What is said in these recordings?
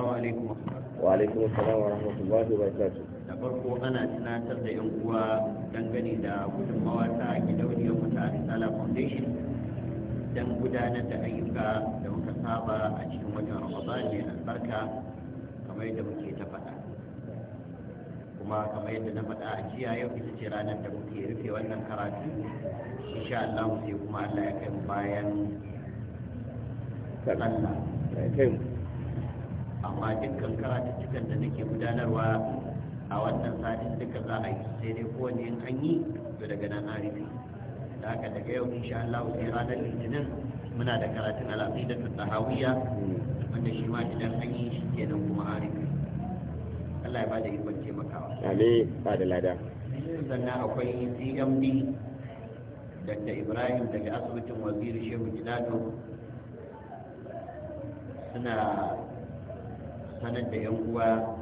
wa alaikum assalam wa rahmatullahi wa barakatuh da farko ana tunatar da yan uwa dangane da gudunmawa ta gidauniyar mutane sala foundation don gudanar da ayyuka da muka saba a cikin wajen ramadan ne albarka kamar yadda muke ta faɗa kuma kamar yadda na faɗa a jiya yau ita ce ranar da muke rufe wannan karatu insha Allah sai kuma Allah ya kai bayan sallah amma dukkan karatuttukan da nake gudanarwa a wannan satin duka za a yi sai dai kowane yin an yi to daga nan an rufe da haka daga yau insha Allah sai ranar litinin muna da karatun da ta tahawiyya wanda shi ma idan an yi shi nan kuma an rufe Allah ya ba da ikon taimakawa amin ba da lada sannan akwai CMD Dr. Ibrahim daga asibitin waziri Shehu Gidado suna sanar da yan uwa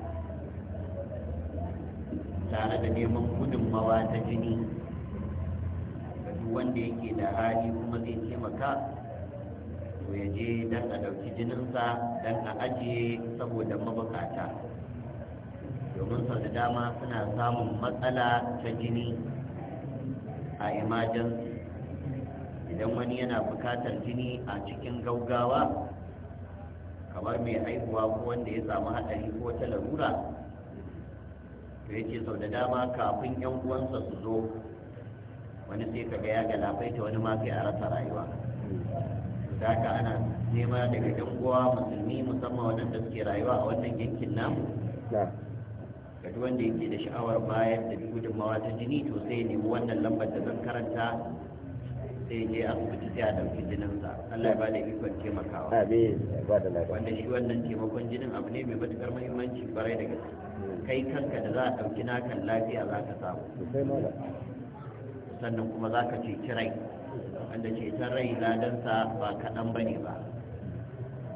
tare da neman gudunmawa ta jini wanda yake da hali kuma zai taimaka to ya je don a ɗauki jininsa don a ajiye saboda mabukata domin sau da dama suna samun matsala ta jini a imajensu idan wani yana bukatar jini a cikin gaugawa kamar mai haihuwa ko wanda ya samu haɗari ko wata larura to ya ce sau da dama kafin yan uwansa su zo wani sai ka ga ya ta wani ma a rasa rayuwa da ka ana nema daga yan uwa musulmi musamman waɗanda suke rayuwa a wannan yankin namu ga duk wanda yake da sha'awar bayar da gudunmawa ta jini to sai nemi wannan lambar da zan karanta sai je kuci sai a ɗauki Allah ya ba da ikon taimakawa amin ba da lafiya wanda shi wannan taimakon jinin abu ne mai matukar muhimmanci kwarai da gaske hmm. kai kanka da za a ɗauki nakan lafiya za ka samu sannan kuma za ka ceci rai wanda ceton rai ladansa ba kaɗan ba ne ba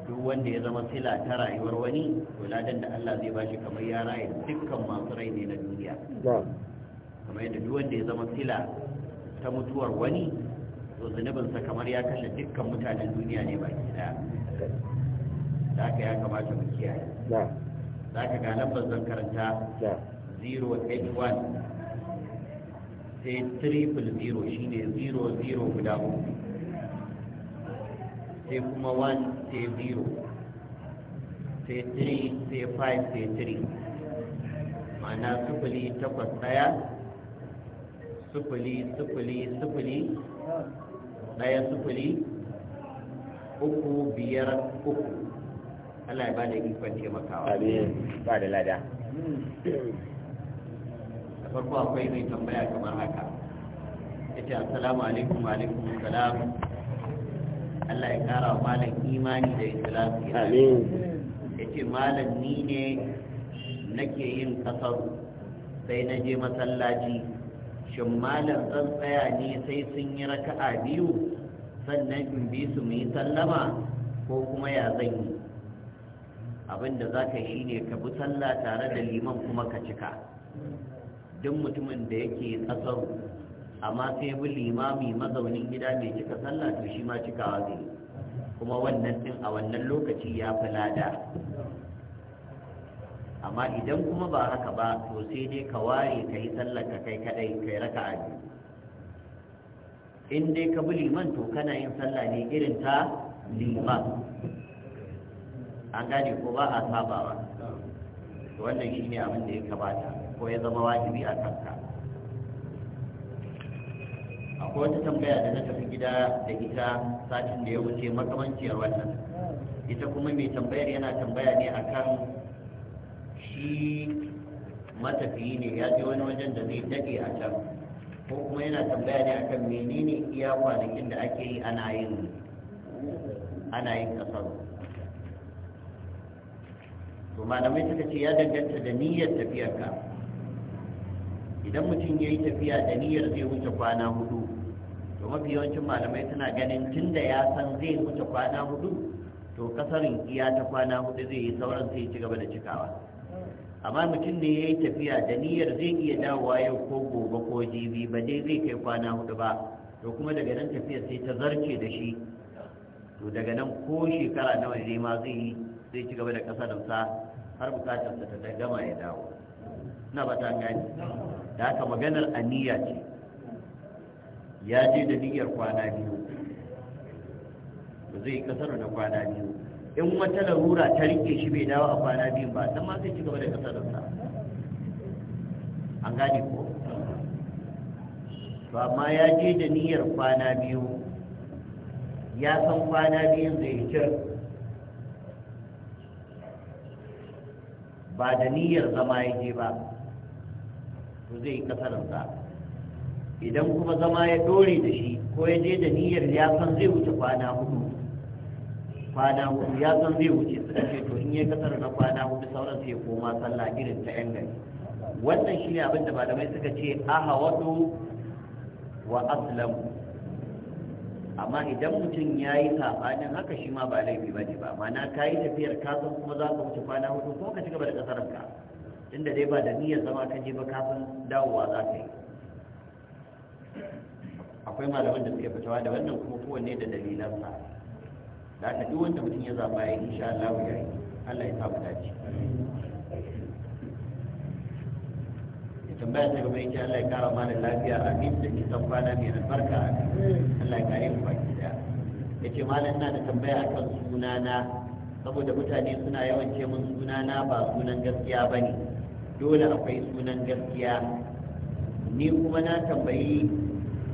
duk wanda ya zama sila ta rayuwar wani to ladan da Allah zai bashi kamar ya raye dukkan masu rai ne na duniya kamar yadda duk wanda ya zama sila ta mutuwar wani to zunubinsa kamar ya kashe dukkan mutanen duniya ne ba daya da ka ya kamata mu kiyaye za ka ga lambar zan karanta 081 sai triple zero shi ne guda uku sai kuma 1 sai zero sai 3 sai 5 sai 3 ana sufuli takwas daya sufuli sufuli sufuli daya sufuri uku biyar uku Allah ya ba da ikon taimakawa amin ba da lada da farko akwai mai tambaya kamar haka ce assalamu alaikum alaikum salam Allah ya kara malam imani da ikhlasi Ya ce malam ni ne nake yin kasar sai na je masallaci shin malam zan tsaya ne sai sun yi raka'a biyu sannan in bi su mu yi sallama ko kuma ya zan yi abin da za ka yi ne ka bi sallah tare da liman kuma ka cika duk mutumin da yake kasar amma sai bi limami mazaunin gida mai cika sallah to shi ma cikawa zai kuma wannan din a wannan lokaci ya fi lada amma idan kuma ba haka ba to sai dai ka ware ka yi sallar ka kai kadai kai raka a in dai ka bi liman to kana yin sallah ne irin ta liman an gane ko ba a sabawa wannan ne abin da ya kamata ko ya zama wajibi a kanka akwai wata tambaya da na tafi gida da ita satin da ya wuce makamanciyar wannan ita kuma mai tambayar yana tambaya ne akan shi matafiyi ne ya je wani wajen da zai daɗe a can ko kuma yana tambaya ne akan menene iya kwanakin da ake yi ana yin ana yin kasar to malamai suka ce ya danganta da niyyar tafiyarka idan mutum ya yi tafiya da niyyar zai wuce kwana hudu to mafi yawancin malamai suna ganin tun da ya san zai wuce kwana hudu to kasarin iya ta kwana hudu zai yi sauran sai ci gaba da cikawa amma mutum ne ya yi tafiya da niyyar zai iya dawowa yau ko gobe ko jibi ba dai zai kai kwana hudu ba to kuma daga nan tafiya sai ta zarce da shi to daga nan ko shekara nawa ne ma zai yi zai ci gaba da sa har bukatarsa ta gama ya dawo na ba ta gani da haka maganar aniya ce ya je da niyyar kwana biyu zai kasar da kwana biyu in wata larura ta rike shi bai dawo a kwana biyu ba don ma zai ci gaba da kasarsa an gane ko to amma ya je da niyyar kwana biyu ya san kwana biyun zai cir ba da niyyar zama ya je ba to zai yi kasarsa idan kuma zama ya dore da shi ko ya je da niyyar ya san zai wuce kwana hudu kwana hudu ya san zai wuce su ce to in ya kasar na kwana hudu sauran sai koma sallah irin ta yan gari wannan shine abin da malamai suka ce aha wadu wa aslamu amma idan mutum ya yi saɓanin haka shi ma ba laifi ba ne ba mana ka yi tafiyar san kuma za ka wuce kwana hudu ko ka ci gaba da ka inda dai ba da niyyar zama ka je ba san dawowa za ka yi akwai malaman da suke fitawa da wannan kuma kowanne da dalilansa da aka duk wanda mutum ya zaba ya yi sha Allah ya yi Allah ya samu dace ya tambaya ta gaba yake Allah ya kara mana lafiya min da kisan kwana mai albarka Allah ya kare mu baki da ya ce malam na da tambaya kan sunana saboda mutane suna yawan ce mun sunana ba sunan gaskiya ba ne dole akwai sunan gaskiya ni kuma na tambayi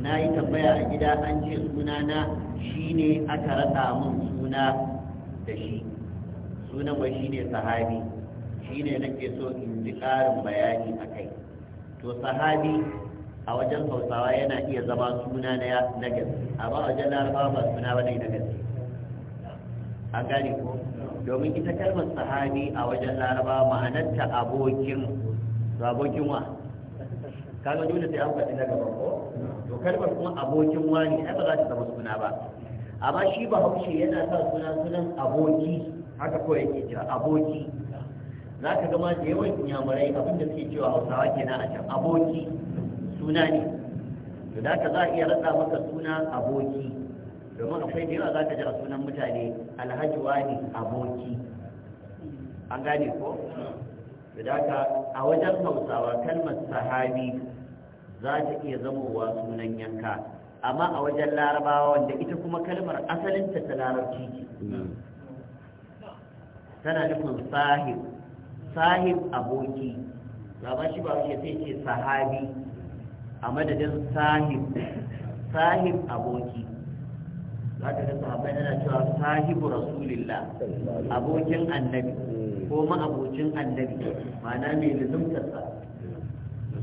na yi tambaya a gida an ce sunana shine aka rasa mun suna da shi sunan shi shine sahabi shine nake so in ji ƙarin bayani a kai to sahabi a wajen hausawa yana iya zama suna na gaske amma a wajen larabawa ba suna ba ne na gaske an gane ko domin ita kalmar sahabi a wajen larabawa ma'anarta abokin abokin wa kaga dole sai an faɗi na gaba ko to kalmar kuma abokin wani ai ba za ta zama suna ba amma shi bahaushe yana sa suna sunan aboki haka ko yake cewa aboki za ka gama da yawan yamurai abinda suke cewa hausawa ke na a can aboki suna ne to da ka za a iya rasa maka suna aboki domin akwai da yawa za ka jira sunan mutane alhaji wani aboki an gane ko to da ka a wajen hausawa kalmar sahabi za ta iya zamowa sunan yanka amma a wajen larabawa wanda ita kuma kalmar asalinta ta larabci ce tana nufin sahib sahib aboki ba shi ba wuce sai ce sahabi a madadin sahib sahib aboki za ka ga haɓar yana cewa sahibu rasulillah abokin annabi ko ma'abocin annabi ma'ana mai lizumtarsa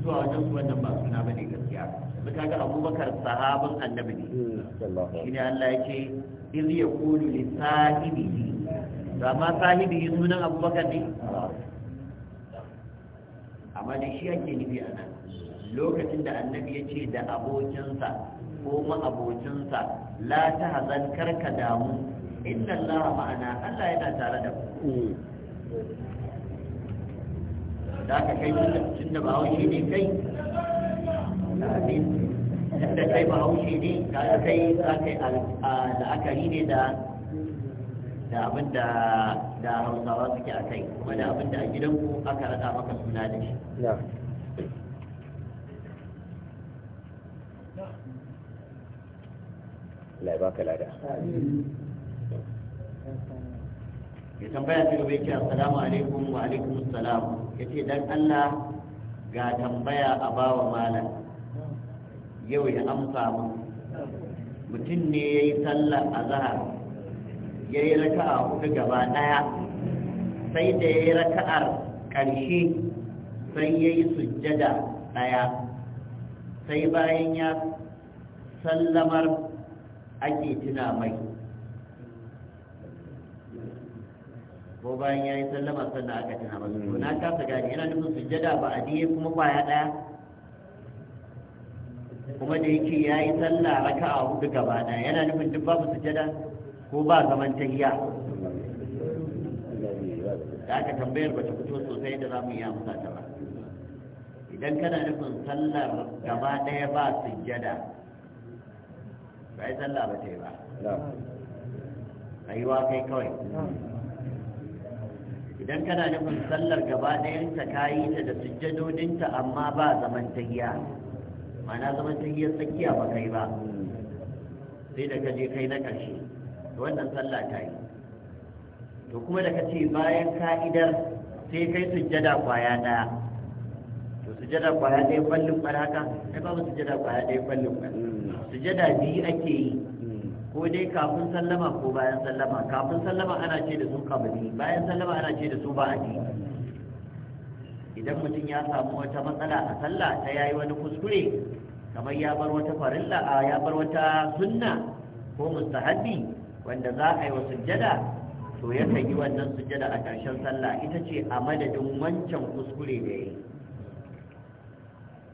zuwa wajen su wannan ba suna bane gaskiya yanzu kaga abubakar sahabin annabi ne ne Allah ya yake iz yaqulu li sahibihi da ma sahibihi sunan abubakar ne amma da shi ake nufi a nan lokacin da annabi ya ce da abokinsa ko abokinsa la ta hazan karka damu inna Allah ma'ana Allah yana tare da ku. Hmm. za ka kai tun da bahaushe ne kai tun da kai bahaushe ne ka kai za ka yi la'akari ne da da abin da da hausawa suke a kai kuma da abin da a gidanku aka rada maka suna da shi Allah ya baka lada. ya tambaya ta gaba yake assalamu alaikum wa alaikum assalam yace dan Allah ga tambaya a bawa malam yau ya amsa mu mutum ne ya yi sallar azhar ya yi raka'a hudu gaba ɗaya, sai da ya yi raka'ar ƙarshe sai ya yi sujjada daya sai bayan ya sallamar ake tuna mai ko bayan ya yi sallama sannan aka tuna masa mm. to na kasa gane yana nufin sujjada ba a diye kuma kwaya ɗaya kuma da yake ya yi sallah raka a hudu gaba ɗaya yana nufin duk babu sujjada ko ba zaman tahiya da aka tambayar ba ta fito sosai da za mu yi musa ta ba idan kana nufin sallar gaba ɗaya ba sujjada ba yi sallah ba ta yi ba rayuwa kai kawai idan kana nufin sallar gaba ɗayanta ka yi ta da sujjadodinta amma ba zaman tahiya mana zaman tahiyar tsakiya ba kai ba sai da kaje kai na ƙarshe wannan sallah ta yi to kuma da ka ce bayan ka'idar sai kai sujjada kwaya ɗaya to sujjada kwaya ɗaya ballin ɓaraka haka ai babu sujjada kwaya ɗaya ballin ɓaraka mm. sujjada biyu ake yi ko dai kafin sallama ko bayan sallama kafin sallama ana ce da su kabari bayan sallama ana ce da su ba'adi idan mutum ya samu wata matsala a sallah ta yayi wani kuskure kamar ya bar wata farilla a ya bar wata sunna ko mustahabi wanda za a yi wa sujjada to ya yi wannan sujjada a ƙarshen sallah ita ce a madadin wancan kuskure da yayi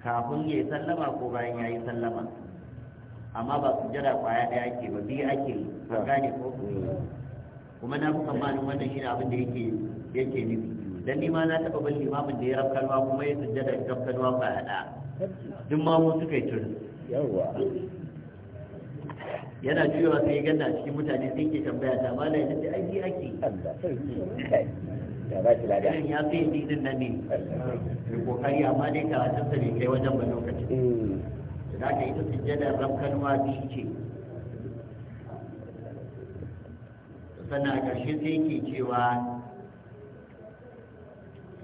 kafin ya yi sallama ko bayan ya yi sallama amma ba su jira kwaya ɗaya ake ba biyu ake ba gane ko kuma na kuka tsammanin wannan shi ne abin da yake yake nufi dan ni ma na taɓa bin limamin da ya rafkalwa kuma ya sujjada da rafkalwa kwaya ɗaya duk ma mu suka yi tun yana cewa sai ganna cikin mutane sai ke tambaya ta da ya ce ai ake irin ya fi dinin nan ne kokari amma dai karatunsa ne kai wajen ba lokaci. Mm. za ka ita sujjadar rafkanuwa biyu ce sannan a ƙarshe sai ke cewa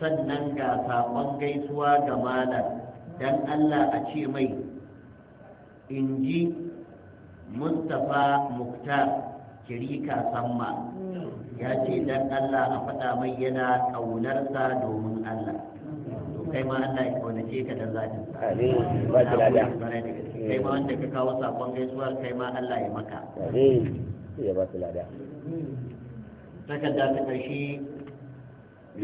sannan ga saƙon gaisuwa ga malam don allah a ce mai in ji mustapha muktar kirika samma ya ce don allah a faɗa mai yana ƙaunarsa domin allah kai ma Allah ya kaunace ka dan zatin amin ba ki lada kai ma wanda ka kawo sakon gaisuwar kai ma Allah ya maka amin ya ba ki lada da ta karshe mai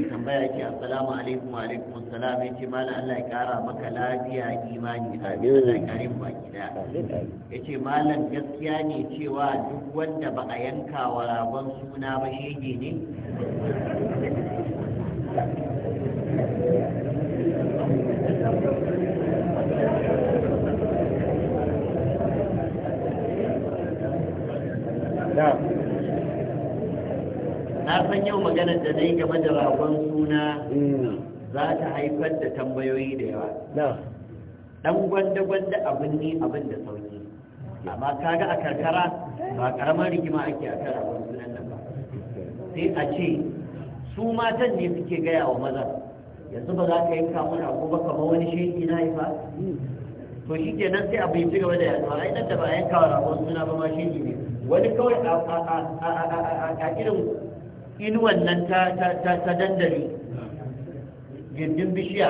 tambaya ki assalamu alaikum wa alaikum assalam ce malam Allah ya kara maka lafiya imani amin Allah ya kare mu baki da yace malam gaskiya ne cewa duk wanda ba a yanka wa ragon suna ba shege ne na san yau maganar da na yi game da ragon suna za ta haifar da tambayoyi da yawa dan gwanda-gwanda abin ne abin da sauki amma kaga a karkara ba karamar rigima ake a kan ragon sunan nan ba sai a ce su matan ne suke gaya wa mazan yanzu ba za ka yanka mana ko ba kamar wani sheki na yi ba? to shi ke nan sai abu yi cigaba da yanzu a nan da ba yanka wa ragon suna ba ma sheki ne wani kawai a irin inuwan nan ta dandali gindin bishiya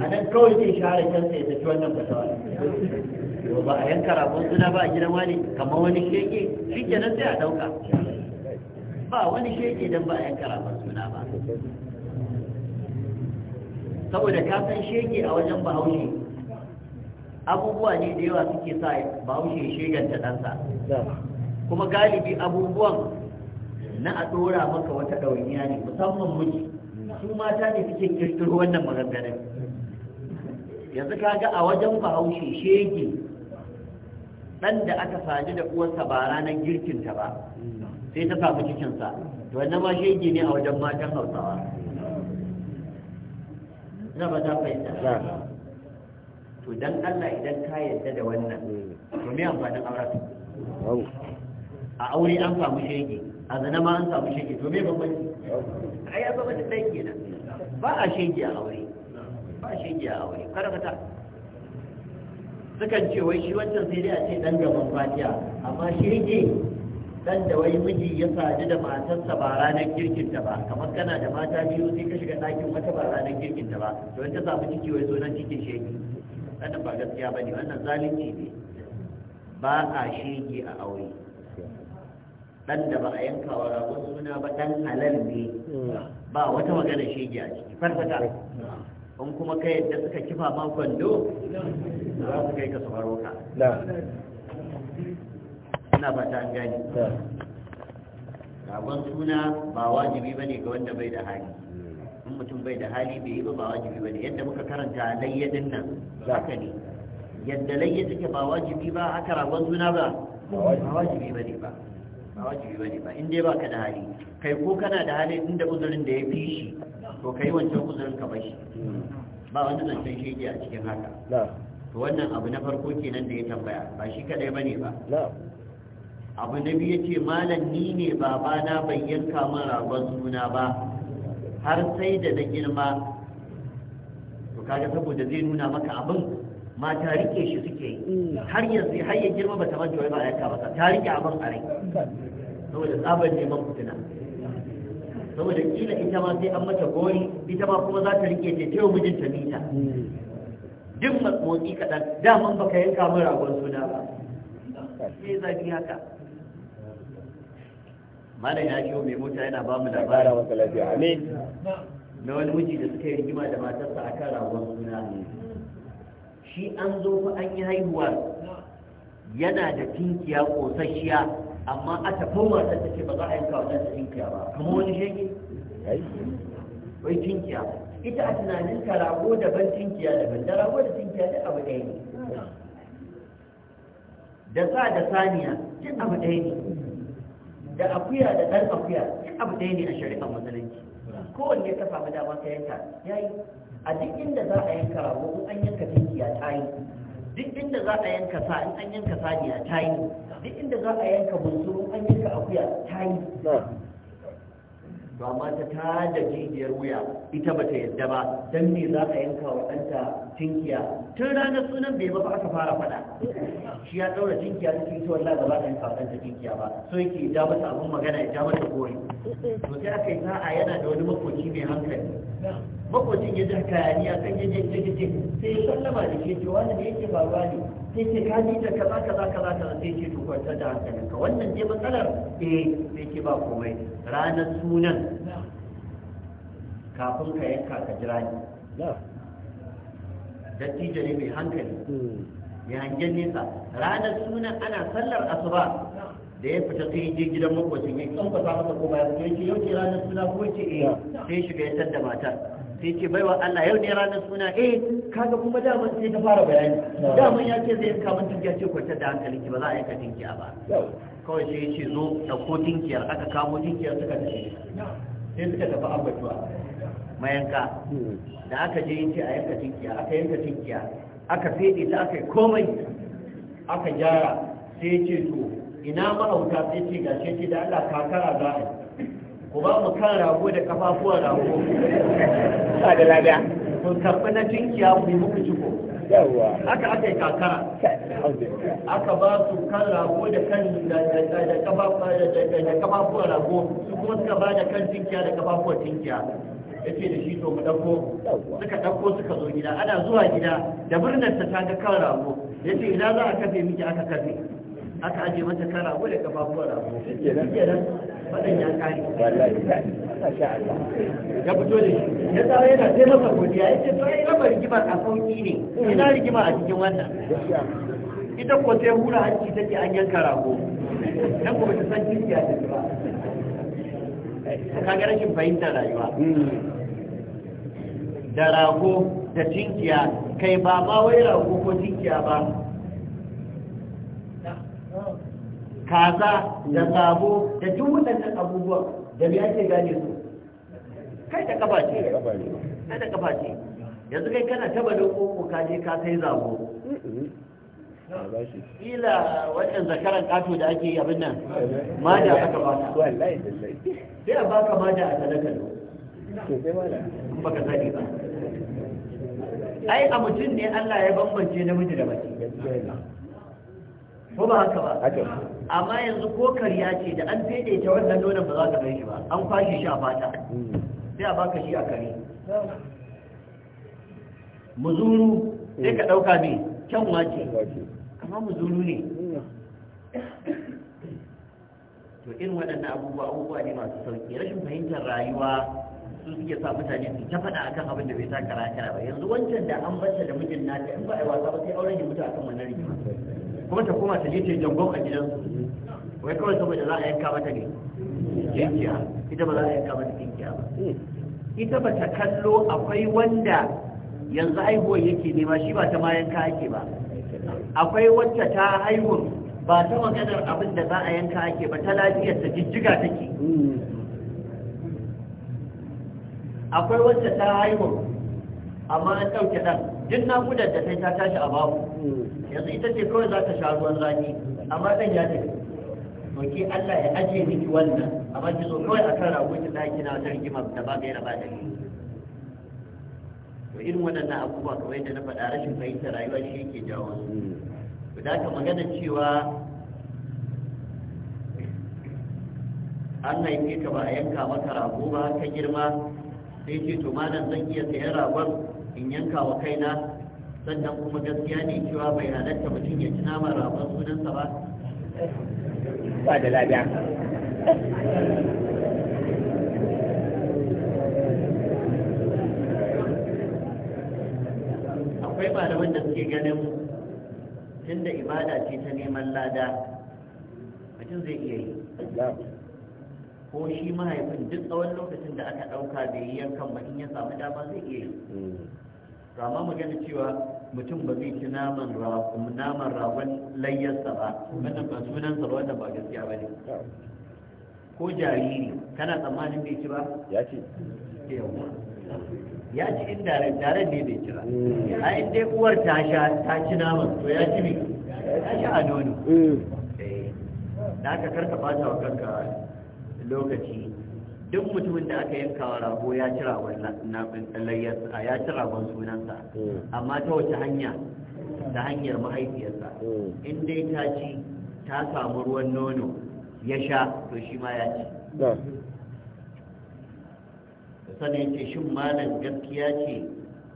a nan kawai sai share kansa ya tafi wannan fatawa yau ba a yanka ragon suna ba a gidan wani kamar wani sheke shi ke nan sai a dauka ba wani sheke don ba a yanka ragon suna ba saboda ka san shege a wajen bahaushe abubuwa ne da yawa suke sa bahaushe sheganta ɗansa kuma galibi abubuwan na a ɗora maka wata ɗauniya ne musamman miji su mata ne suke kirkiro wannan maganganun yanzu ka ga a wajen bahaushe shege ɗan da aka saji da uwarsa ba ranar girkinta ba sai ta samu cikinsa to wannan ma shege ne a wajen matan hausawa na ba ta fahimta to don Allah idan ka yarda da wannan to me amfanin auren a aure an samu shege a zana ma an samu shege to me bambanci a yi abubuwan da ɗai kenan ba a shege a aure ba a shege a aure karkata sukan ce wai shi wancan sai dai a ce dan gaban fatiya amma shege dan da wai miji ya sadu da matarsa ba ranar ta ba kamar kana da mata biyu sai ka shiga ɗakin wata ba ranar ta ba to ta samu ciki wai zo nan cikin shege wannan ba gaskiya bane wannan zalunci ne ba a shege a aure dan da ba a yanka wa ragon suna ba dan halal ne ba wata magana shege a ciki farfata in kuma ka yadda suka kifa ma kwando za su kai ka su ka ina fata an gani ragon suna ba wajibi ba ne ga wanda bai da hali hmm. in mutum bai da hali bai yi ba ba wajibi ba ne yadda muka karanta layyadin nan haka ne yadda layyadin suke ba wajibi ba haka ragon suna ba ba wajibi ba ne ba ba wajibi ba ne ba in dai ba ka da hali kai ko kana da hali inda uzurin da ya fi shi to kai wancan uzurin ka bashi hmm. ba wani zancen shege a cikin haka to wannan abu na farko kenan da ya tambaya ba shi kadai bane ba abu na biyu ce malam ni ne babana bai yanka min ragon suna ba har sai da na girma to kaga saboda zai nuna maka abin mata rike shi suke yi har yanzu har ya girma ba ta manta wai ba ya ka masa ta rike abin a rai saboda tsabar neman fitina saboda kila ita ma sai an mata gori ita ma kuma za ta rike ta tewa ta nita duk motsi kaɗan daman baka yanka min ragon suna ba sai zafi haka malam ya shigo mai mota yana ba mu labari wata lafiya ne na wani miji da suka yi rigima da matarsa a kan ragon suna shi an zo fa an yi haihuwa yana da tinkiya kosasshiya amma a tafin matar ta ce ba za a yanka wannan tinkiya ba kuma wani shege wai tinkiya ita a tunanin ka rago daban tinkiya daban da rago da tinkiya duk abu ɗaya ne da sa da saniya duk abu ɗaya ne da akuya da ɗan akuya abu ɗaya ne a shari'ar musulunci kowanne ka samu dama ka yanka yayi a duk inda za a yanka rago in an yanka tinkiya ta yi duk inda za a yanka sa in an yanka saniya ta yi duk inda za a yanka bunsuru an yanka akuya ta yi to amma ta tada jijiyar wuya ita ba ta yadda ba don ne za ka yanka wa ɗanta tinkiya tun ranar sunan bai ba aka fara faɗa shi ya ɗaura cinkiya ta cikin wallah ba za ka yanka wa ɗanta cinkiya ba so yake ja mata abin magana ya ja mata kori to sai aka yi sa'a yana da wani makoci mai hankali makocin ya ji hayaniya kan shi ce wanda da yake faruwa ne sai ce ka ji da kaza kaza kaza kaza sai ce to kwanta da ka wannan je matsalar eh sai ke ba komai ranar sunan kafin ka yanka ka jira ni dattijo ne mai hankali hmm. mai hangen nesa ranar sunan ana sallar asuba da ya fita sai je gidan makwacin ya kyan ba za masa ko bayan sai ce yau ce ranar suna ko ce eh sai shiga ya tadda matar sai ce baiwa Allah yau ne ranar suna eh kaga kuma daman sai ta fara bayani daman ya ce zai yanka min tinki ce kwatar da hankali ki ba za a yanka a ba kawai sai ya ce zo ɗauko tinkiyar aka kamo tinkiyar suka tafi sai suka tafi abbatuwa mayanka da aka je ce a yanka tinkiya aka yanka tinkiya aka fede ta aka komai aka gyara sai ya ce to ina ma'auta sai ce ga ce da Allah kakara za a yi ku ba mu kan rago da kafafuwan rago ba da lada ku karɓi na tinkiya ku yi muku ciko haka aka yi kakara aka ba su kan rago da kan da kafafuwan rago su kuma suka ba da kan tinkiya da kafafuwan tinkiya ya ce da shi to mu ɗauko suka ɗauko suka zo gida ana zuwa gida da birnin ta ga kan rago ya ce idan za a kafe miki aka kafe aka aje mata kan rago da kafafuwan rago ya kare ya da ya yana sai masa godiya ya ce to ai rigimar a sauki ne ina rigima a cikin wannan ita ko sai hura an yanka rago ko bata san ba ka ga fahimtar rayuwa hmm. da rago da cinkiya kai ba ma wai rago ko cinkiya ba kaza da sabo da duk waɗannan abubuwan da me ake gane su kai da kafa ce kai da kafa ce yanzu kai kana taba da koko ka je ka sai zabo kila wannan zakaran kato da ake yi abin nan ma da aka ta wallahi sai a baka ma da a talakalo baka sani ba ai a mutum ne Allah ya bambance namiji da mace ko ba haka ba amma yanzu ko kariya ce da an fede ta wannan nonon ba za ka gani ba an kwashe shi a fata hmm. sai a baka shi a kare muzuru sai ka dauka ne kyan wace amma muzuru ne hmm. to in waɗannan abubuwa abubuwa ne masu sauki rashin fahimtar rayuwa su suke sa mutane su ta faɗa akan abin da bai sa kara ba yanzu wancan da an bata da mijin nata in ba a yi wasa ba sai auren ya mutu akan wannan rigima kuma ta koma ta je ta yi jangon a gidansu wai kawai saboda za a yanka mata ne kinkiya ita ba za a yanka mata kinkiya ba ita ba ta kallo akwai wanda yanzu haihuwar yake nema shi ba ta ma yanka ake ba akwai wacce ta haihuwar ba ta maganar abin da za a yanka ake ba ta lafiyar ta jijjiga take akwai wacce ta haihuwar amma an ɗauke ɗan duk naƙudar da sai ta tashi a babu yanzu ita ce kawai za ta sha ruwan rani amma ɗan ya tafi ke Allah ya ajiye miki wannan amma ki zo kawai akan rago ki tsaki na wata rigima da ba gaira ba da to irin waɗannan abubuwa kamar da na faɗa rashin fahimtar rayuwa shi yake jawo su da ka magana cewa an haife ka ba a yanka maka rago ba ka girma sai ce to malam zan iya sayan ragon in yanka wa kaina sannan kuma gaskiya ne cewa bai halatta mutum ya ci naman ragon sunansa ba ba da lafiya akwai malaman da suke ganin tunda ibada ce ta neman lada mutum zai iya yi ko shi mahaifin duk tsawon lokacin da aka ɗauka da yi yankan ba in ya samu dama zai iya yi hmm. amma mu gani cewa mutum ba zai ci naman naman ragon layyarsa ba wannan ba sunan ba wannan ba gaskiya ba ne ko jariri kana tsammanin bai ci ba ya ci ya ci in dare ne bai ci ba mm. a inda dai uwar ta sha ta ci naman to ya ci ne ya sha a nono mm. eh, da aka karka ba wa kanka lokaci duk mutumin da aka yanka wa rago ya ci ragon layyarsa ya ci ragon sunansa hmm. amma ta wace hanya ta hanyar mahaifiyarsa hmm. in dai ta ci ta samu ruwan nono ya sha to shi ma ya ci sani ce shin malam gaskiya ce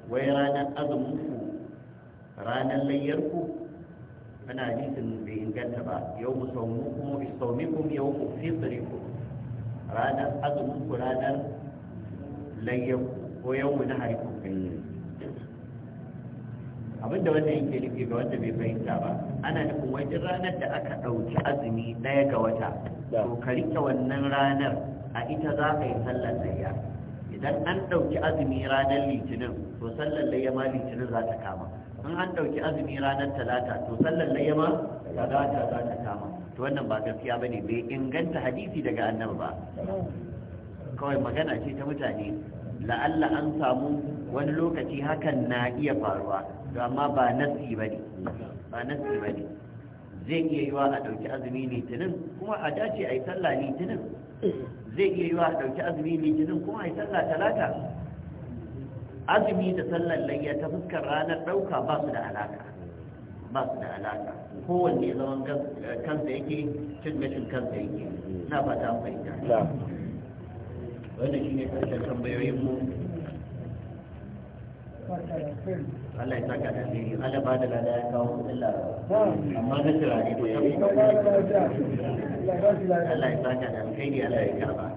wai ranar azumunku ranar layyarku ana jisun bai inganta ba yau mu mikum yau mu ranar azumin ku ranar layyan ko mu na hari ku abin da wannan yake nufi ga wanda bai fahimta ba ana nufin wajen ranar da aka ɗauki azumi ɗaya ga wata to ka rike wannan ranar a ita za ka yi sallar layya idan an ɗauki azumi ranar litinin to sallar layya ma litinin za ta kama in an ɗauki azumi ranar talata to sallar layya ma talata za ta kama to wannan ba gaskiya bane bai inganta hadisi daga annabi ba kawai magana ce ta mutane la'alla an samu wani lokaci hakan na iya faruwa to amma ba nasi bane ba nasi bane zai iya yiwa a ɗauki azumi litinin kuma a dace a yi sallah litinin zai iya yiwa a ɗauki azumi litinin kuma a yi sallah talata azumi da sallar layya ta fuskar ranar ɗauka ba su da alaka ba su da alaka kowanne zaman eh, kansa yake cin gashin kansa yake na ba ta fahimta wannan shi ne karshen mu Allah ya saka da ne Allah ba da lada ya kawo kudin amma na ne ko ya Allah ya saka da ne Allah ya karba